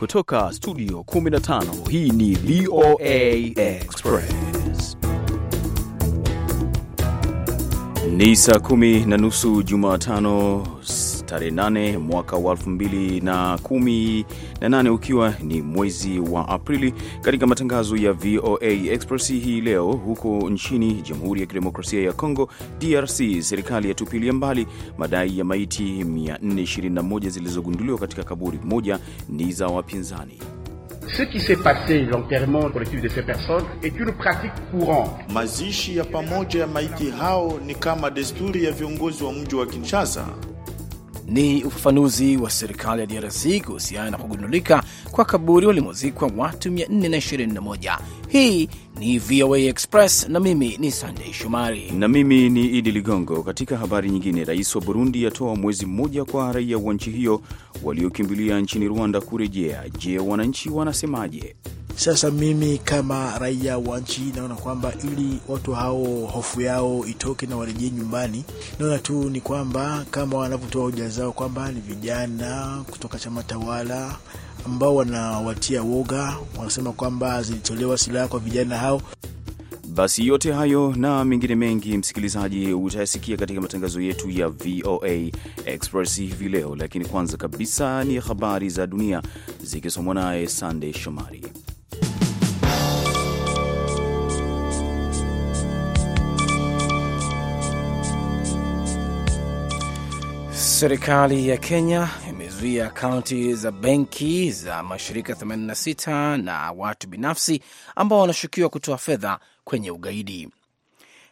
Kutoka studio 15 hii ni VOA Express. Ni saa kumi na nusu Jumatano tarehe 8 mwaka wa nane ukiwa ni mwezi wa Aprili, katika matangazo ya VOA Express hii leo. Huko nchini Jamhuri ya Kidemokrasia ya congo DRC, serikali yatupilia mbali madai ya maiti 421 zilizogunduliwa katika kaburi moja ni za wapinzani. Ce qui s'est passé l'enterrement collectif de ces personnes est une pratique courante. Mazishi ya pamoja ya maiti hao ni kama desturi ya viongozi wa mji wa Kinshasa ni ufafanuzi wa serikali ya DRC kuhusiana na kugundulika kwa kaburi walimozikwa watu 421. Hii ni VOA Express na mimi ni Sandei Shomari na mimi ni Idi Ligongo. Katika habari nyingine, rais wa Burundi atoa mwezi mmoja kwa raia wa nchi hiyo waliokimbilia nchini Rwanda kurejea. Je, wananchi wanasemaje? Sasa mimi kama raia wa nchi naona kwamba ili watu hao hofu yao itoke na warejee nyumbani, naona tu ni kwamba kama wanavyotoa hoja zao kwamba ni vijana kutoka chama tawala ambao wanawatia woga, wanasema kwamba zilitolewa silaha kwa vijana hao. Basi yote hayo na mengine mengi, msikilizaji, utayasikia katika matangazo yetu ya VOA Express hivi leo, lakini kwanza kabisa ni habari za dunia zikisomwa naye Sandey Shomari. Serikali ya Kenya imezuia akaunti za benki za mashirika 86 na watu binafsi ambao wanashukiwa kutoa fedha kwenye ugaidi.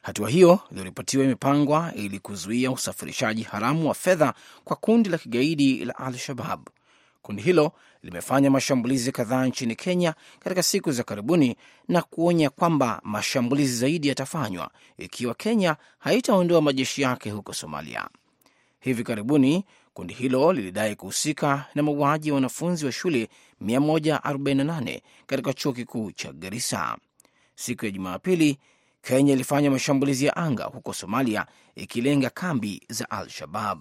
Hatua hiyo iliyoripotiwa imepangwa ili kuzuia usafirishaji haramu wa fedha kwa kundi la kigaidi la Al-Shabab. Kundi hilo limefanya mashambulizi kadhaa nchini Kenya katika siku za karibuni na kuonya kwamba mashambulizi zaidi yatafanywa ikiwa Kenya haitaondoa majeshi yake huko Somalia. Hivi karibuni kundi hilo lilidai kuhusika na mauaji ya wanafunzi wa shule 148 katika chuo kikuu cha Garissa. Siku ya Jumapili, Kenya ilifanya mashambulizi ya anga huko Somalia, ikilenga kambi za Al-Shabab.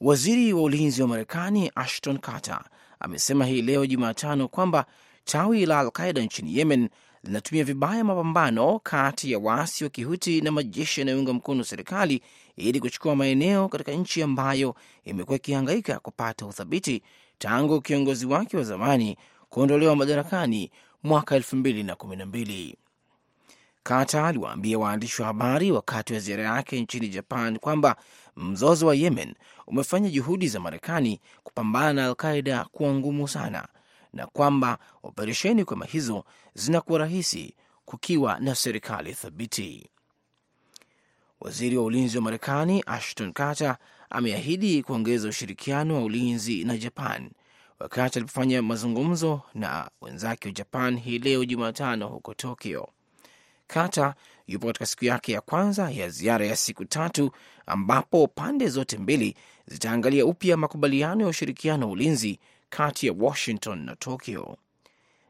Waziri wa ulinzi wa Marekani Ashton Carter amesema hii leo Jumatano kwamba tawi la alqaida nchini Yemen linatumia vibaya mapambano kati ya waasi wa Kihuti na majeshi yanayounga mkono serikali ili kuchukua maeneo katika nchi ambayo imekuwa ikihangaika kupata uthabiti tangu kiongozi wake wa zamani kuondolewa madarakani mwaka mbili Kata aliwaambia waandishi wa habari wakati wa ziara yake nchini Japan kwamba mzozo wa Yemen umefanya juhudi za Marekani kupambana na Alqaida kuwa ngumu sana na kwamba operesheni kama hizo zinakuwa rahisi kukiwa na serikali thabiti. Waziri wa ulinzi wa Marekani Ashton Carter ameahidi kuongeza ushirikiano wa ulinzi na Japan wakati alipofanya mazungumzo na wenzake wa Japan hii leo Jumatano huko Tokyo. Kata yupo katika siku yake ya kwanza ya ziara ya siku tatu ambapo pande zote mbili zitaangalia upya makubaliano ya ushirikiano wa ulinzi kati ya Washington na Tokyo.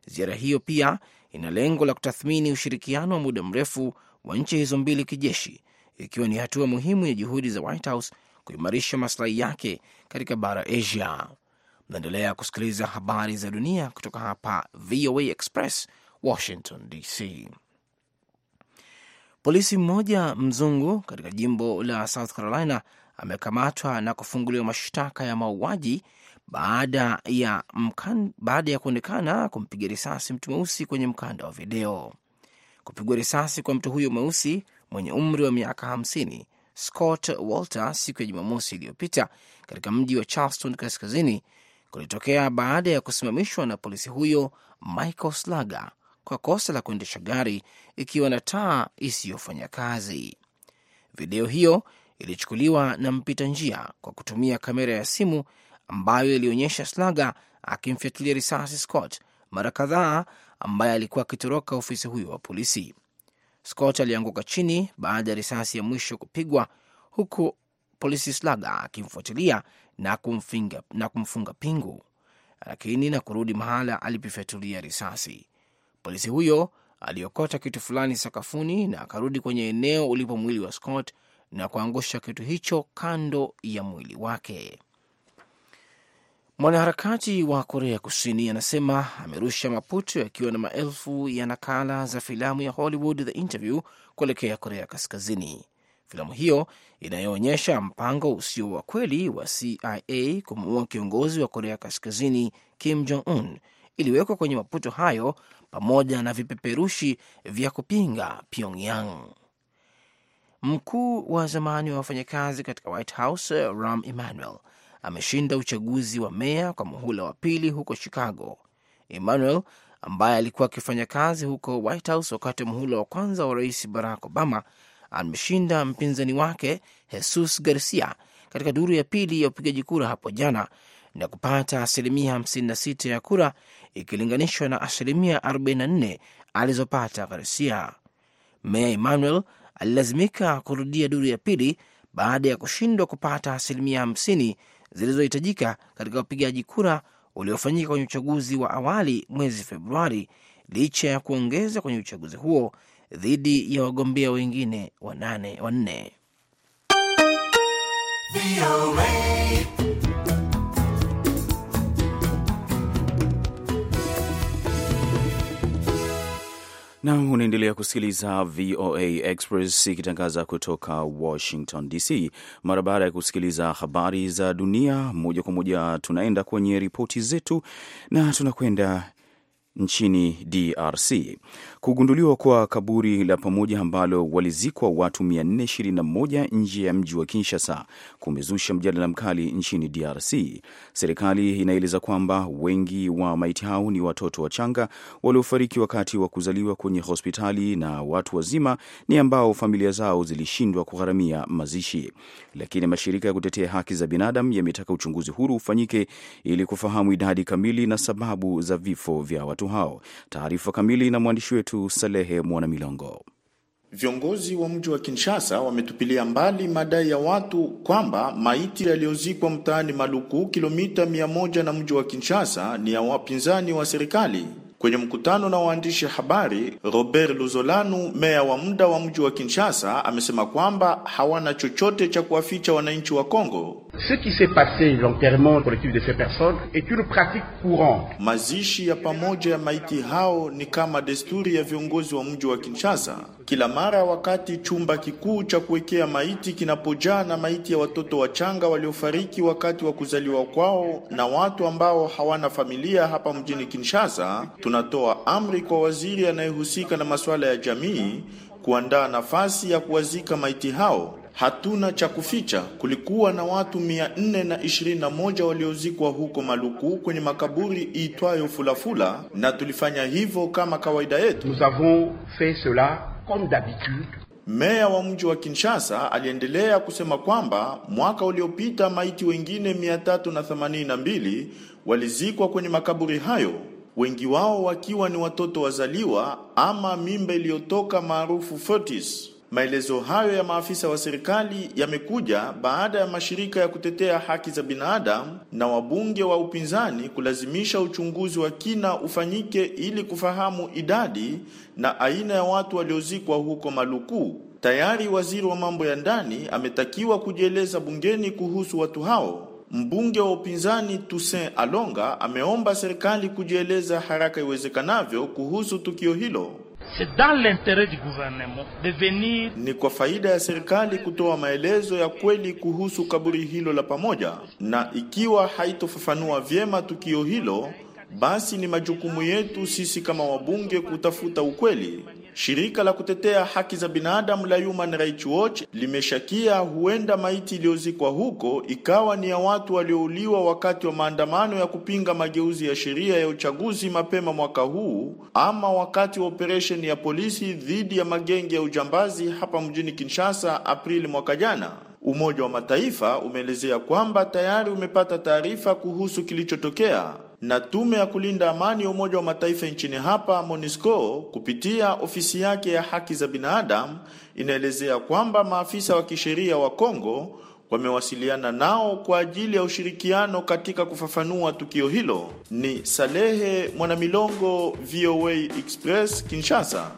Ziara hiyo pia ina lengo la kutathmini ushirikiano wa muda mrefu wa nchi hizo mbili kijeshi, ikiwa ni hatua muhimu ya juhudi za White House kuimarisha maslahi yake katika bara Asia. Mnaendelea kusikiliza habari za dunia kutoka hapa VOA Express, Washington DC. Polisi mmoja mzungu katika jimbo la South Carolina amekamatwa na kufunguliwa mashtaka ya mauaji baada ya, baada ya kuonekana kumpiga risasi mtu mweusi kwenye mkanda wa video. Kupigwa risasi kwa mtu huyo mweusi mwenye umri wa miaka hamsini Scott Walter siku ya Jumamosi iliyopita katika mji wa Charleston kaskazini kulitokea baada ya kusimamishwa na polisi huyo Michael Slager kwa kosa la kuendesha gari ikiwa na taa isiyofanya kazi. Video hiyo ilichukuliwa na mpita njia kwa kutumia kamera ya simu ambayo ilionyesha Slaga akimfyatulia risasi Scott mara kadhaa, ambaye alikuwa akitoroka ofisi huyo wa polisi. Scott alianguka chini baada ya risasi ya mwisho kupigwa, huku polisi Slaga akimfuatilia na, na kumfunga pingu, lakini na kurudi mahala alipofyatulia risasi. Polisi huyo aliokota kitu fulani sakafuni na akarudi kwenye eneo ulipo mwili wa Scott na kuangusha kitu hicho kando ya mwili wake. Mwanaharakati wa Korea Kusini anasema amerusha maputo yakiwa na maelfu ya nakala za filamu ya Hollywood The Interview kuelekea Korea Kaskazini. Filamu hiyo inayoonyesha mpango usio wa kweli wa CIA kumuua kiongozi wa Korea Kaskazini Kim Jong Un iliwekwa kwenye maputo hayo pamoja na vipeperushi vya kupinga Pyongyang. Mkuu wa zamani wa wafanyakazi katika White House Rahm Emanuel ameshinda uchaguzi wa meya kwa muhula wa pili huko Chicago. Emmanuel ambaye alikuwa akifanya kazi huko White House wakati wa muhula wa kwanza wa Rais Barack Obama ameshinda mpinzani wake Jesus Garcia katika duru ya pili ya upigaji kura hapo jana na kupata asilimia 56 ya kura ikilinganishwa na asilimia 44 alizopata Garcia. Meya Emmanuel alilazimika kurudia duru ya pili baada ya kushindwa kupata asilimia zilizohitajika katika upigaji kura uliofanyika kwenye uchaguzi wa awali mwezi Februari, licha ya kuongeza kwenye uchaguzi huo dhidi ya wagombea wengine wanane wanne. na unaendelea kusikiliza VOA Express ikitangaza kutoka Washington DC. Mara baada ya kusikiliza habari za dunia moja kwa moja, tunaenda kwenye ripoti zetu na tunakwenda nchini DRC. Kugunduliwa kwa kaburi la pamoja ambalo walizikwa watu 421 nje ya mji wa Kinshasa kumezusha mjadala mkali nchini DRC. Serikali inaeleza kwamba wengi wa maiti hao ni watoto wachanga waliofariki wakati wa kuzaliwa kwenye hospitali, na watu wazima ni ambao familia zao zilishindwa kugharamia mazishi. Lakini mashirika ya kutetea haki za binadamu yametaka uchunguzi huru ufanyike ili kufahamu idadi kamili na sababu za vifo vya watu watu hao. Taarifa kamili na mwandishi wetu Salehe Mwanamilongo. Viongozi wa mji wa Kinshasa wametupilia mbali madai ya watu kwamba maiti yaliyozikwa mtaani Maluku, kilomita mia moja na mji wa Kinshasa, ni ya wapinzani wa serikali. Kwenye mkutano na waandishi habari, Robert Luzolanu, meya wa muda wa mji wa Kinshasa, amesema kwamba hawana chochote cha kuwaficha wananchi wa Kongo. Ce qui s'est passé l'enterrement collectif de ces personnes est une pratique courante. Mazishi ya pamoja ya maiti hao ni kama desturi ya viongozi wa mji wa Kinshasa. Kila mara wakati chumba kikuu cha kuwekea maiti kinapojaa na maiti ya watoto wachanga waliofariki wakati wa kuzaliwa kwao na watu ambao hawana familia hapa mjini Kinshasa, tunatoa amri kwa waziri anayehusika na masuala ya jamii kuandaa nafasi ya kuwazika maiti hao. Hatuna cha kuficha. Kulikuwa na watu 421 waliozikwa huko Maluku kwenye makaburi iitwayo Fulafula, na tulifanya hivyo kama kawaida yetu. Nous avons fait cela comme d'habitude. Meya wa mji wa Kinshasa aliendelea kusema kwamba mwaka uliopita maiti wengine 382 walizikwa kwenye makaburi hayo, wengi wao wakiwa ni watoto wazaliwa ama mimba iliyotoka maarufu fetus. Maelezo hayo ya maafisa wa serikali yamekuja baada ya mashirika ya kutetea haki za binadamu na wabunge wa upinzani kulazimisha uchunguzi wa kina ufanyike ili kufahamu idadi na aina ya watu waliozikwa huko Maluku. Tayari waziri wa mambo ya ndani ametakiwa kujieleza bungeni kuhusu watu hao. Mbunge wa upinzani Toussaint Alonga ameomba serikali kujieleza haraka iwezekanavyo kuhusu tukio hilo. C'est dans l'intérêt du gouvernement de venir. Ni kwa faida ya serikali kutoa maelezo ya kweli kuhusu kaburi hilo la pamoja, na ikiwa haitofafanua vyema tukio hilo, basi ni majukumu yetu sisi kama wabunge kutafuta ukweli Shirika la kutetea haki za binadamu la Human Rights Watch limeshakia huenda maiti iliyozikwa huko ikawa ni ya watu waliouliwa wakati wa maandamano ya kupinga mageuzi ya sheria ya uchaguzi mapema mwaka huu ama wakati wa operesheni ya polisi dhidi ya magenge ya ujambazi hapa mjini Kinshasa Aprili mwaka jana. Umoja wa Mataifa umeelezea kwamba tayari umepata taarifa kuhusu kilichotokea na tume ya kulinda amani ya Umoja wa Mataifa nchini hapa MONUSCO kupitia ofisi yake ya haki za binadamu inaelezea kwamba maafisa wa kisheria wa Kongo wamewasiliana nao kwa ajili ya ushirikiano katika kufafanua tukio hilo. Ni Salehe Mwanamilongo, VOA Express, Kinshasa.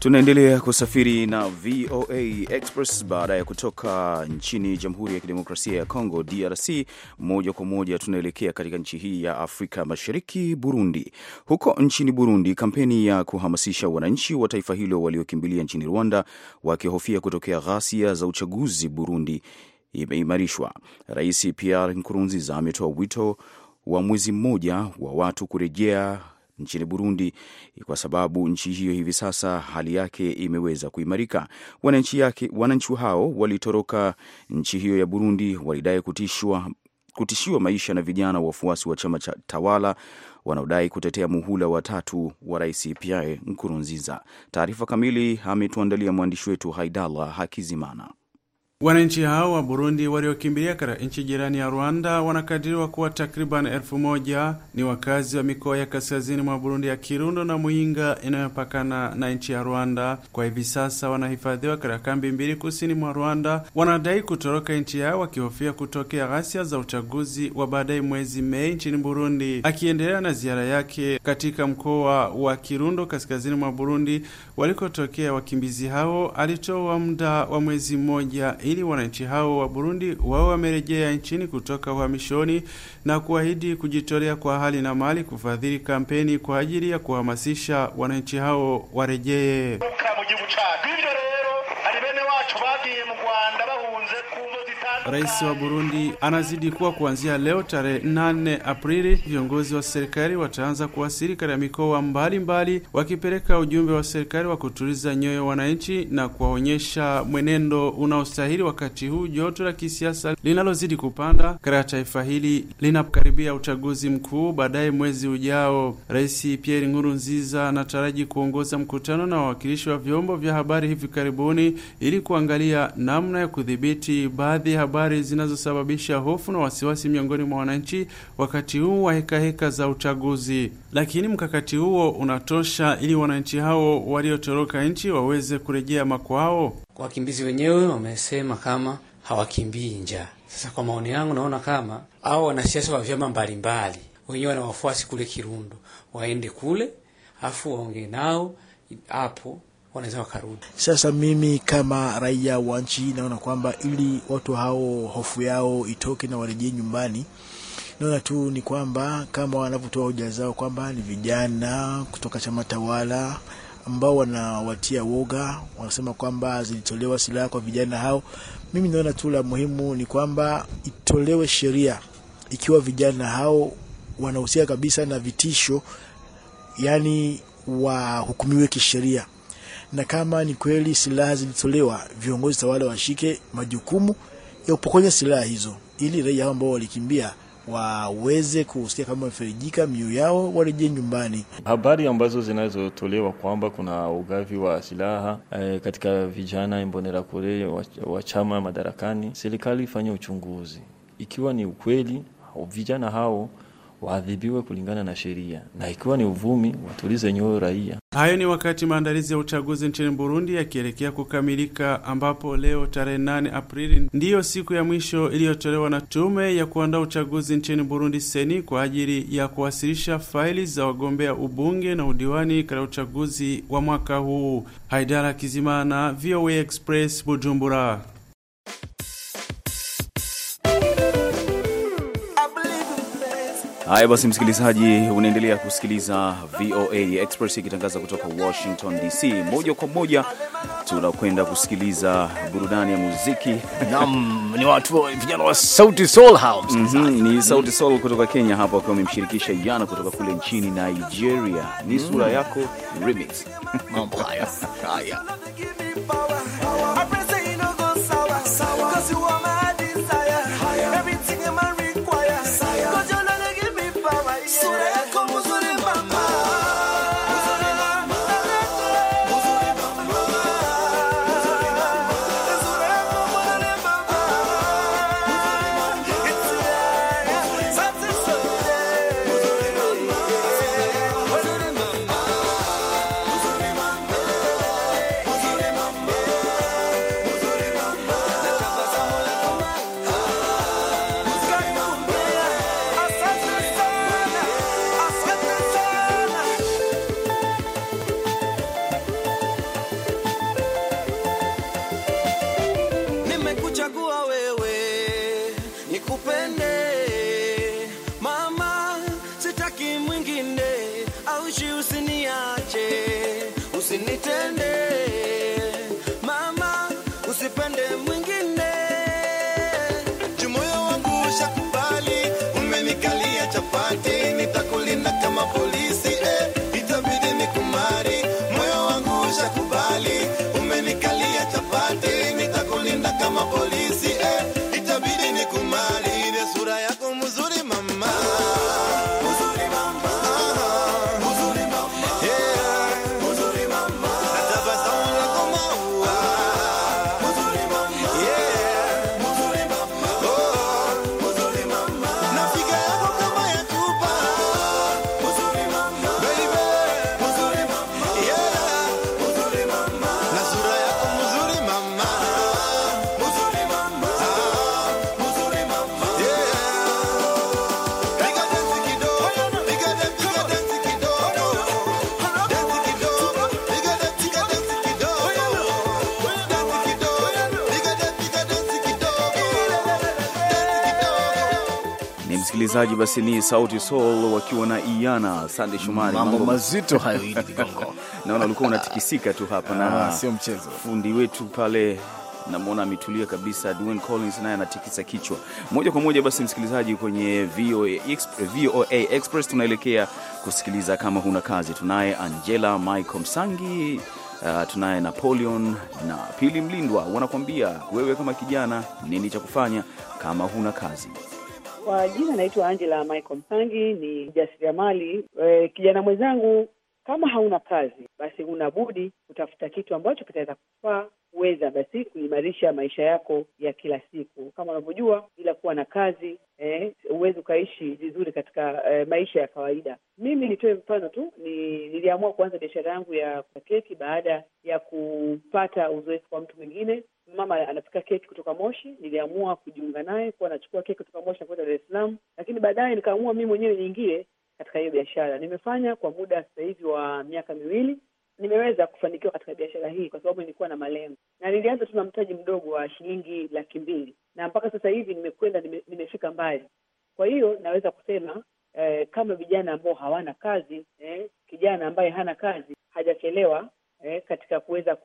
Tunaendelea kusafiri na VOA Express baada ya kutoka nchini Jamhuri ya Kidemokrasia ya Kongo, DRC. Moja kwa moja tunaelekea katika nchi hii ya Afrika Mashariki, Burundi. Huko nchini Burundi, kampeni ya kuhamasisha wananchi wa taifa hilo waliokimbilia nchini Rwanda wakihofia kutokea ghasia za uchaguzi Burundi imeimarishwa. Rais Pierre Nkurunziza ametoa wito wa mwezi mmoja wa watu kurejea nchini Burundi, kwa sababu nchi hiyo hivi sasa hali yake imeweza kuimarika. Wananchi yake wananchi hao walitoroka nchi hiyo ya Burundi walidai kutishwa kutishiwa maisha na vijana wafuasi wa chama cha tawala wanaodai kutetea muhula wa tatu wa Rais Pierre Nkurunziza. Taarifa kamili ametuandalia mwandishi wetu Haidallah Hakizimana. Wananchi hao wa Burundi waliokimbilia katika nchi jirani ya Rwanda wanakadiriwa kuwa takriban elfu moja ni wakazi wa mikoa ya kaskazini mwa Burundi ya Kirundo na Muinga inayopakana na nchi ya Rwanda. Kwa hivi sasa wanahifadhiwa katika kambi mbili kusini mwa Rwanda. Wanadai kutoroka nchi yao wakihofia kutokea ghasia za uchaguzi wa baadaye mwezi Mei nchini Burundi. Akiendelea na ziara yake katika mkoa wa Kirundo kaskazini mwa Burundi walikotokea wakimbizi hao, alitoa muda wa mwezi mmoja ili wananchi hao wa Burundi wao wamerejea nchini kutoka uhamishoni na kuahidi kujitolea kwa hali na mali kufadhili kampeni kwa ajili ya kuhamasisha wananchi hao warejee. rais wa Burundi anazidi kuwa kuanzia leo tarehe 8 Aprili, viongozi wa serikali wataanza kuwasili katika mikoa mbalimbali, wakipeleka ujumbe wa serikali wa kutuliza nyoyo wananchi na kuwaonyesha mwenendo unaostahili wakati huu joto la kisiasa linalozidi kupanda katika taifa hili linapokaribia uchaguzi mkuu baadaye mwezi ujao. Rais Pierre Nkurunziza anataraji kuongoza mkutano na wawakilishi wa vyombo vya habari hivi karibuni ili kuangalia namna ya kudhibiti baadhi ya habari habari zinazosababisha hofu na wasiwasi miongoni mwa wananchi wakati huu wa hekaheka za uchaguzi. Lakini mkakati huo unatosha ili wananchi hao waliotoroka nchi waweze kurejea makwao? Wakimbizi wenyewe wamesema kama hawakimbii njaa. Sasa kwa maoni yangu, naona kama au wanasiasa wa vyama mbalimbali wenyewe wana wafuasi kule Kirundo, waende kule afu waongee nao hapo wanaweza wakarudi. Sasa mimi kama raia wa nchi naona kwamba ili watu hao hofu yao itoke na warejee nyumbani, naona tu ni kwamba kama wanavyotoa hoja zao kwamba ni vijana kutoka chama tawala ambao wanawatia woga, wanasema kwamba zilitolewa silaha kwa vijana hao. Mimi naona tu la muhimu ni kwamba itolewe sheria ikiwa vijana hao wanahusika kabisa na vitisho, yani wahukumiwe kisheria na kama ni kweli silaha zilitolewa, viongozi tawala washike majukumu ya upokonya silaha hizo, ili raia hao ambao walikimbia waweze kusikia kama wamefarijika, mioyo yao warejee nyumbani. Habari ambazo zinazotolewa kwamba kuna ugavi wa silaha e, katika vijana Imbonerakure wa chama madarakani, serikali ifanye uchunguzi ikiwa ni ukweli vijana hao waadhibiwe kulingana na sheria na ikiwa ni uvumi watulize nyoyo raia. Hayo ni wakati maandalizi ya uchaguzi nchini Burundi yakielekea kukamilika, ambapo leo tarehe 8 Aprili ndiyo siku ya mwisho iliyotolewa na tume ya kuandaa uchaguzi nchini Burundi seni kwa ajili ya kuwasilisha faili za wagombea ubunge na udiwani katika uchaguzi wa mwaka huu. Haidara Kizimana, VOA Express, Bujumbura. Haya basi, msikilizaji, unaendelea kusikiliza VOA Express ikitangaza kutoka Washington DC. Moja kwa moja tunakwenda kusikiliza burudani ya muziki nam ni watu vijana wa Sauti Sol mm -hmm, ni Sauti Sol kutoka Kenya hapo wakiwa wamemshirikisha Yana kutoka kule nchini Nigeria. Ni sura mm. yako remix mambo haya haya usinitende msikilizaji, basi ni Sauti Sol wakiwa na Iana Sande Shumari. Mambo mazito hayo, Idi Ligongo. Naona ulikuwa unatikisika tu hapa na ah, sio mchezo. Fundi wetu pale namwona ametulia kabisa. Dwayne Collins naye anatikisa kichwa moja kwa moja. Basi msikilizaji, kwenye VOA Express, VOA Express tunaelekea kusikiliza kama huna kazi. Tunaye Angela Michael Msangi, uh, tunaye Napoleon na Pili Mlindwa wanakuambia wewe kama kijana nini cha kufanya kama huna kazi. Kwa jina naitwa Angela Michael Msangi, ni mjasiriamali. E, kijana mwenzangu, kama hauna kazi, basi una budi kutafuta kitu ambacho kitaweza kufaa kuweza basi kuimarisha maisha yako ya kila siku. Kama unavyojua, bila kuwa na kazi eh, huwezi eh, ukaishi vizuri katika eh, maisha ya kawaida. Mimi nitoe mfano tu, ni niliamua kuanza biashara yangu ya keki baada ya kupata uzoefu kwa mtu mwingine mama anapika keki kutoka Moshi. Niliamua kujiunga naye kuwa anachukua keki kutoka Moshi na kwenda Dar es Salaam, lakini baadaye nikaamua mimi mwenyewe niingie katika hiyo biashara. Nimefanya kwa muda sasa hivi wa miaka miwili. Nimeweza kufanikiwa katika biashara hii kwa sababu nilikuwa na malengo, na nilianza tu na mtaji mdogo wa shilingi laki mbili na mpaka sasa hivi nimekwenda, nime, nimefika mbali. Kwa hiyo naweza kusema eh, kama vijana ambao hawana kazi eh, kijana ambaye hana kazi hajachelewa eh, katika kuweza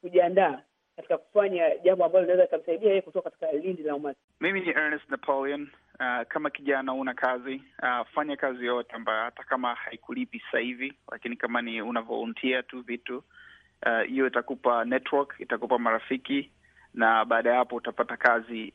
kujiandaa katika kufanya jambo ambalo linaweza likamsaidia yeye kutoka katika lindi la umati. Mimi ni Ernest Napoleon. Uh, kama kijana una kazi uh, fanya kazi yote ambayo hata kama haikulipi sasa hivi, lakini kama ni una volunteer tu vitu uh, hiyo, uh, itakupa network, itakupa marafiki na baada ya hapo utapata kazi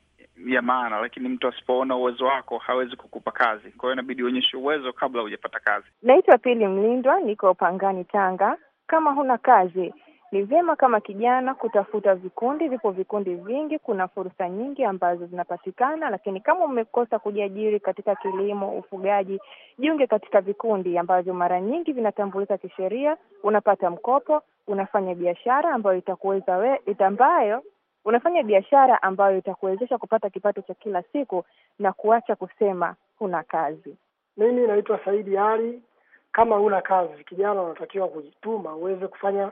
ya maana, lakini mtu asipoona uwezo wako hawezi kukupa kazi. Kwa hiyo inabidi uonyeshe uwezo kabla hujapata kazi. Naitwa Pili Mlindwa, niko Pangani, Tanga. Kama huna kazi ni vyema kama kijana kutafuta vikundi, vipo vikundi vingi, kuna fursa nyingi ambazo zinapatikana, lakini kama umekosa kujiajiri katika kilimo, ufugaji, jiunge katika vikundi ambavyo mara nyingi vinatambulika kisheria. Unapata mkopo, unafanya biashara ambayo itakuweza we, ambayo unafanya biashara ambayo itakuwezesha kupata kipato cha kila siku na kuacha kusema huna kazi. Mimi naitwa Saidi Ali. Kama huna kazi, kijana, unatakiwa kujituma uweze kufanya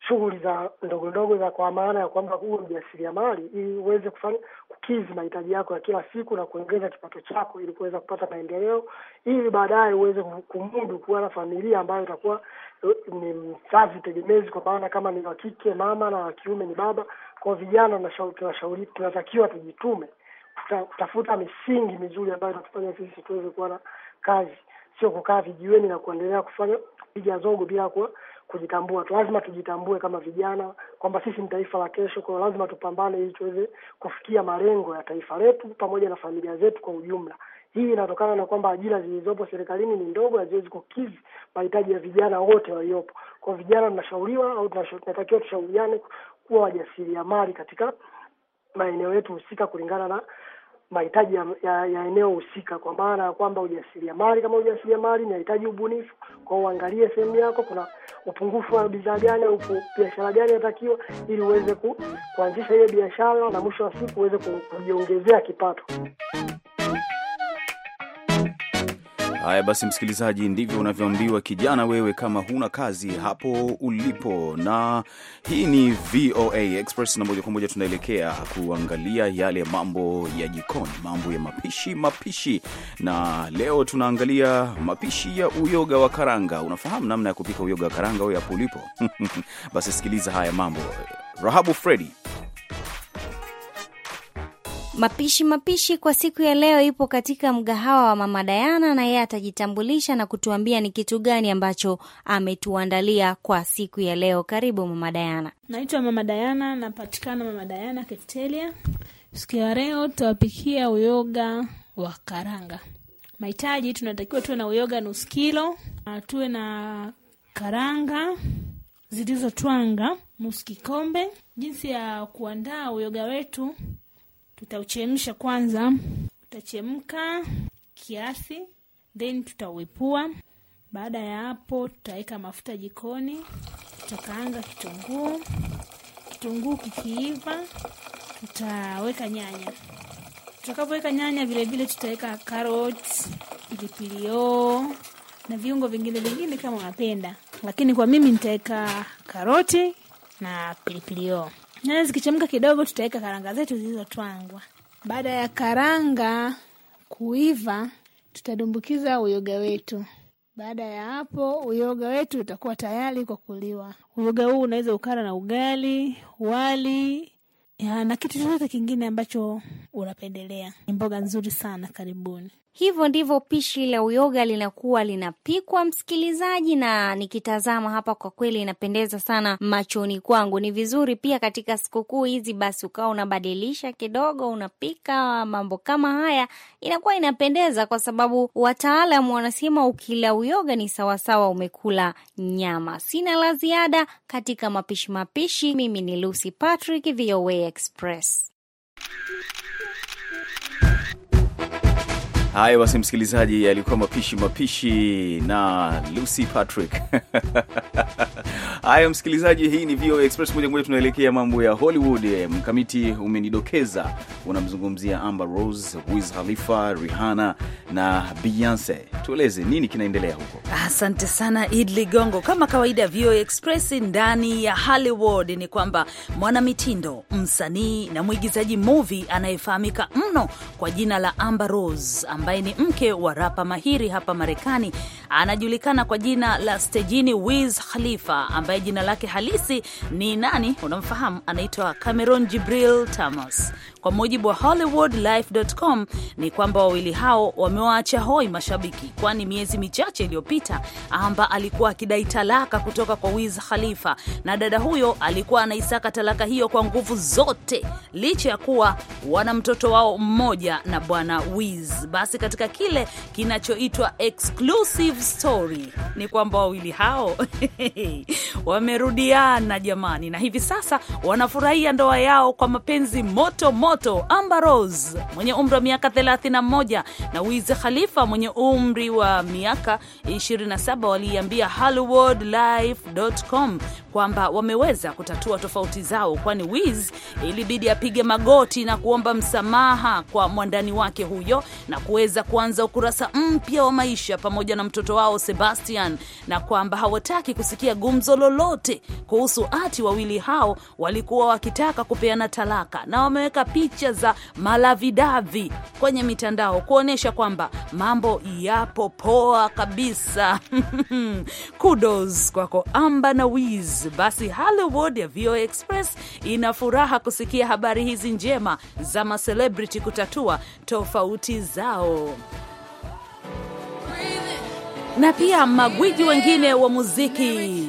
shughuli za ndogo ndogo za kwa maana ya kwamba huo mjasiriamali ili uweze kufanya kukizi mahitaji yako ya kila siku na kuongeza kipato chako ili kuweza kupata maendeleo, ili baadaye uweze kumudu kuwa na familia ambayo itakuwa eh, ni mzazi tegemezi, kwa maana kama ni wakike mama na wakiume ni baba. Kwa vijana tunashauri, tunatakiwa tujitume kutafuta misingi mizuri ambayo itatufanya sisi tuweze kuwa na kazi, sio kukaa vijiweni na kuendelea kufanya piga zogo bila kuwa kujitambua. Lazima tujitambue kama vijana kwamba sisi ni taifa la kesho, kwa hiyo lazima tupambane ili tuweze kufikia malengo ya taifa letu pamoja na familia zetu kwa ujumla. Hii inatokana na kwamba ajira zilizopo serikalini ni ndogo, haziwezi kukidhi mahitaji ya vijana wote waliopo. Kwa vijana tunashauriwa au tunatakiwa tushauriane kuwa wajasiriamali katika maeneo yetu husika kulingana na mahitaji ya, ya, ya eneo husika, kwa maana ya kwamba ujasiriamali kama ujasiriamali inahitaji ubunifu. Kwa hiyo uangalie sehemu yako kuna upungufu wa bidhaa gani au biashara gani inatakiwa, ili uweze kuanzisha ile biashara na mwisho wa siku uweze kujiongezea kipato. Haya basi, msikilizaji, ndivyo unavyoambiwa kijana, wewe kama huna kazi hapo ulipo. Na hii ni VOA Express, na moja kwa moja tunaelekea kuangalia yale mambo ya jikoni, mambo ya mapishi, mapishi. Na leo tunaangalia mapishi ya uyoga wa karanga. Unafahamu namna ya kupika uyoga wa karanga wewe hapo ulipo? Basi sikiliza haya mambo, Rahabu Fredi Mapishi mapishi kwa siku ya leo ipo katika mgahawa wa Mama Dayana, na yeye atajitambulisha na kutuambia ni kitu gani ambacho ametuandalia kwa siku ya leo. Karibu Mama Dayana. Naitwa Mama Dayana, napatikana Mama Dayana Keftelia. Siku ya leo tutawapikia uyoga wa karanga. Mahitaji tunatakiwa tuwe na uyoga nusu kilo, tuwe na karanga zilizotwanga nusu kikombe. Jinsi ya kuandaa uyoga wetu Tutauchemsha kwanza, utachemka kiasi, then tutauepua. Baada ya hapo, tutaweka mafuta jikoni, tutakaanga kitunguu. Kitunguu kikiiva, tutaweka nyanya. Tutakapoweka nyanya, vilevile tutaweka karoti, pilipili hoho na viungo vingine vingine kama unapenda, lakini kwa mimi nitaweka karoti na pilipili hoho nyanya zikichemka kidogo, tutaweka karanga zetu zilizotwangwa. Baada ya karanga kuiva, tutadumbukiza uyoga wetu. Baada ya hapo, uyoga wetu utakuwa tayari kwa kuliwa. Uyoga huu unaweza ukala na ugali, wali ya, na kitu chochote kingine ambacho unapendelea. Ni mboga nzuri sana, karibuni. Hivyo ndivyo pishi la uyoga linakuwa linapikwa, msikilizaji, na nikitazama hapa, kwa kweli inapendeza sana machoni kwangu. Ni vizuri pia katika sikukuu hizi, basi ukawa unabadilisha kidogo, unapika mambo kama haya, inakuwa inapendeza, kwa sababu wataalam wanasema ukila uyoga ni sawasawa umekula nyama. Sina la ziada katika mapishi mapishi. Mimi ni Lucy Patrick, VOA Express. Haya basi, msikilizaji, yalikuwa mapishi mapishi na Lucy Patrick. Haya msikilizaji, hii ni VOA Express moja kwa moja, tunaelekea mambo ya Hollywood. Mkamiti, umenidokeza unamzungumzia Amber Rose, Wiz Khalifa, Rihanna na Beyonce. Tueleze nini kinaendelea huko? Asante sana Id Ligongo. Kama kawaida, ya VOA Express ndani ya Hollywood ni kwamba mwanamitindo, msanii na mwigizaji movie anayefahamika mno kwa jina la Amber Rose ambaye ni mke wa rapa mahiri hapa Marekani, anajulikana kwa jina la stejini Wiz Khalifa, ambaye jina lake halisi ni nani? Unamfahamu, anaitwa Cameron Jibril Thomas. Kwa mujibu wa HollywoodLife.com ni kwamba wawili hao wamewaacha hoi mashabiki, kwani miezi michache iliyopita Amba alikuwa akidai talaka kutoka kwa Wiz Khalifa, na dada huyo alikuwa anaisaka talaka hiyo kwa nguvu zote, licha ya kuwa wana mtoto wao mmoja na bwana Wiz. Basi nasi katika kile kinachoitwa exclusive story. Ni kwamba wawili hao wamerudiana jamani, na hivi sasa wanafurahia ndoa yao kwa mapenzi moto moto. Amber Rose mwenye umri wa miaka 31 na Wiz Khalifa mwenye umri wa miaka 27 waliiambia hollywoodlife.com kwamba wameweza kutatua tofauti zao, kwani Wiz ilibidi apige magoti na kuomba msamaha kwa mwandani wake huyo na kuwe wameweza kuanza ukurasa mpya wa maisha pamoja na mtoto wao Sebastian, na kwamba hawataki kusikia gumzo lolote kuhusu ati wawili hao walikuwa wakitaka kupeana talaka, na wameweka picha za malavidavi kwenye mitandao kuonyesha kwamba mambo yapo poa kabisa. Kudos kwako Amba na Wiz. Basi Hollywood ya VOA Express ina furaha kusikia habari hizi njema za macelebrity kutatua tofauti zao yao. Na pia magwiji wengine wa muziki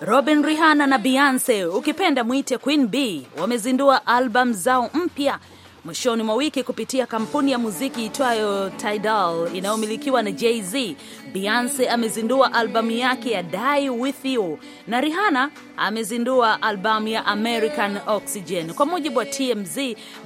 Robin Rihanna na Beyonce, ukipenda mwite Queen B, wamezindua albamu zao mpya mwishoni mwa wiki kupitia kampuni ya muziki itwayo Tidal inayomilikiwa na Jay-Z. Beyonce amezindua albamu yake ya Die With You na Rihanna amezindua albamu ya American Oxygen. Kwa mujibu wa TMZ,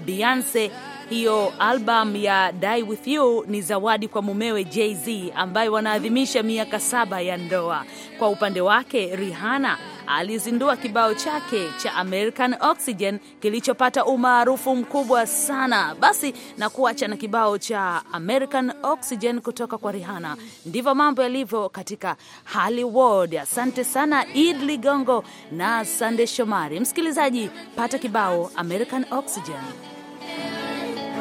Beyonce hiyo album ya Die With You ni zawadi kwa mumewe Jay-Z ambaye wanaadhimisha miaka saba ya ndoa. Kwa upande wake, Rihanna alizindua kibao chake cha American Oxygen kilichopata umaarufu mkubwa sana. Basi na kuacha na kibao cha American Oxygen kutoka kwa Rihanna. Ndivyo mambo yalivyo katika Hollywood. Asante sana Id Ligongo na Sande Shomari. Msikilizaji, pata kibao American Oxygen.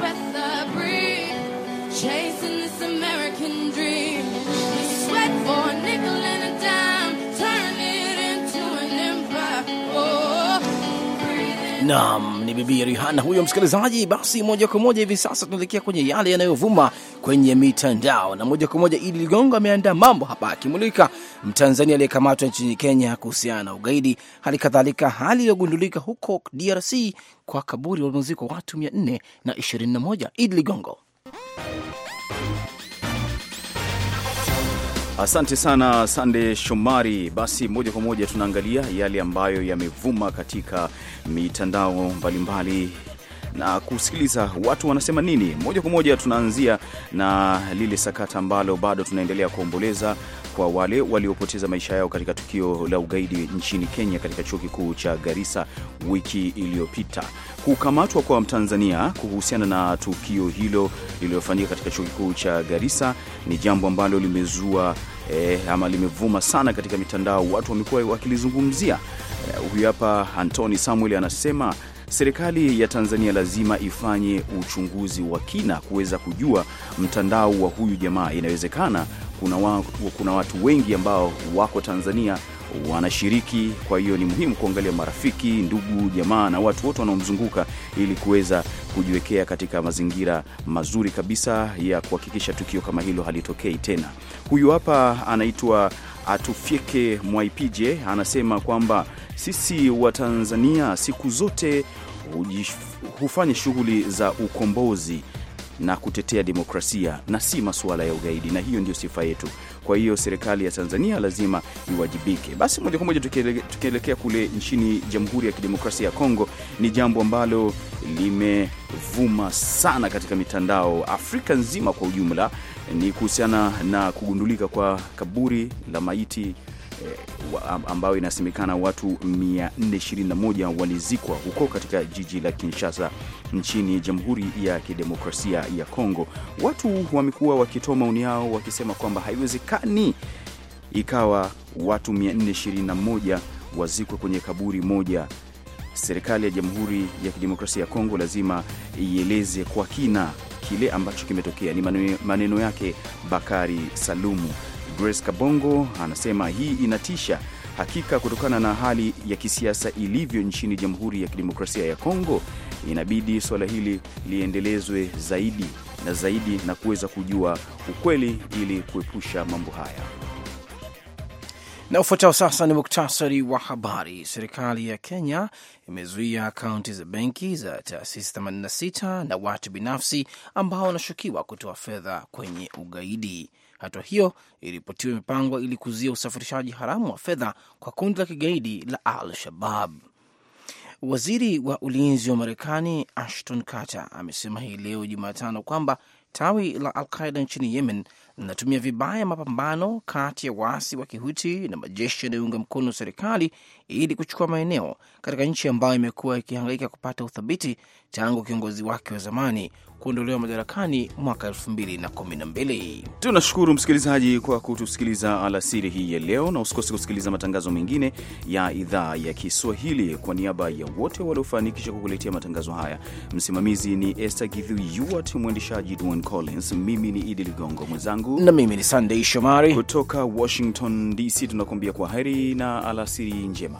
breath I breathe, chasing this American dream. We sweat for a nickel and a dime, turn it into an empire. Oh. Naam, ni bibi Rihanna huyo msikilizaji. Basi moja kwa moja hivi sasa tunaelekea kwenye yale yanayovuma kwenye mitandao, na moja kwa moja Idi Ligongo ameandaa mambo hapa, akimulika mtanzania aliyekamatwa nchini Kenya kuhusiana na ugaidi, hali kadhalika hali iliyogundulika huko DRC kwa kaburi waliozikwa watu mia nne na ishirini na moja. Idi Ligongo Asante sana Sande Shomari. Basi moja kwa moja tunaangalia yale ambayo yamevuma katika mitandao mbalimbali na kusikiliza watu wanasema nini. Moja kwa moja tunaanzia na lile sakata ambalo bado tunaendelea kuomboleza kwa wale waliopoteza maisha yao katika tukio la ugaidi nchini Kenya katika chuo kikuu cha Garissa wiki iliyopita. Kukamatwa kwa Mtanzania kuhusiana na tukio hilo lililofanyika katika chuo kikuu cha garisa ni jambo ambalo limezua eh, ama limevuma sana katika mitandao, watu wamekuwa wakilizungumzia. Eh, huyu hapa antoni Samuel anasema serikali ya Tanzania lazima ifanye uchunguzi wa kina kuweza kujua mtandao wa huyu jamaa. Inawezekana kuna, wa, kuna watu wengi ambao wako Tanzania wanashiriki. Kwa hiyo ni muhimu kuangalia marafiki, ndugu, jamaa na watu wote wanaomzunguka ili kuweza kujiwekea katika mazingira mazuri kabisa ya kuhakikisha tukio kama hilo halitokei tena. Huyu hapa anaitwa Atufyeke Mwaipije, anasema kwamba sisi wa Tanzania siku zote hufanya shughuli za ukombozi na kutetea demokrasia na si masuala ya ugaidi, na hiyo ndio sifa yetu. Kwa hiyo serikali ya Tanzania lazima iwajibike. Basi moja kwa moja tukielekea kule nchini Jamhuri ya Kidemokrasia ya Kongo, ni jambo ambalo limevuma sana katika mitandao Afrika nzima kwa ujumla, ni kuhusiana na kugundulika kwa kaburi la maiti ambayo inasemekana watu 421 walizikwa huko katika jiji la Kinshasa nchini Jamhuri ya Kidemokrasia ya Kongo. Watu wamekuwa wakitoa maoni yao wakisema kwamba haiwezekani ikawa watu 421 wazikwe kwenye kaburi moja. Serikali ya Jamhuri ya Kidemokrasia ya Kongo lazima ieleze kwa kina kile ambacho kimetokea. Ni maneno yake Bakari Salumu. Grace Kabongo anasema hii inatisha hakika, kutokana na hali ya kisiasa ilivyo nchini Jamhuri ya Kidemokrasia ya Kongo, inabidi suala hili liendelezwe zaidi na zaidi na kuweza kujua ukweli ili kuepusha mambo haya. Na ufuatao sasa ni muktasari wa habari. Serikali ya Kenya imezuia akaunti za benki za taasisi 86 na watu binafsi ambao wanashukiwa kutoa fedha kwenye ugaidi. Hatua hiyo iliripotiwa imepangwa ili kuzuia usafirishaji haramu wa fedha kwa kundi la kigaidi la Al Shabab. Waziri wa ulinzi wa Marekani Ashton Carter amesema hii leo Jumatano kwamba tawi la al qaida nchini Yemen linatumia vibaya mapambano kati ya waasi wa Kihuti na majeshi yanayounga mkono serikali ili kuchukua maeneo katika nchi ambayo imekuwa ikihangaika kupata uthabiti tangu kiongozi wake wa zamani kuondolewa madarakani mwaka 2012. Tunashukuru msikilizaji kwa kutusikiliza alasiri hii ya leo, na usikose kusikiliza matangazo mengine ya idhaa ya Kiswahili. Kwa niaba ya wote waliofanikisha kukuletea matangazo haya, msimamizi ni Esther Githu Yuart, mwendeshaji Dwan Collins, mimi ni Idi Ligongo mwenzangu, na mimi ni Sandei Shomari kutoka Washington DC. Tunakuambia kwa heri na alasiri njema.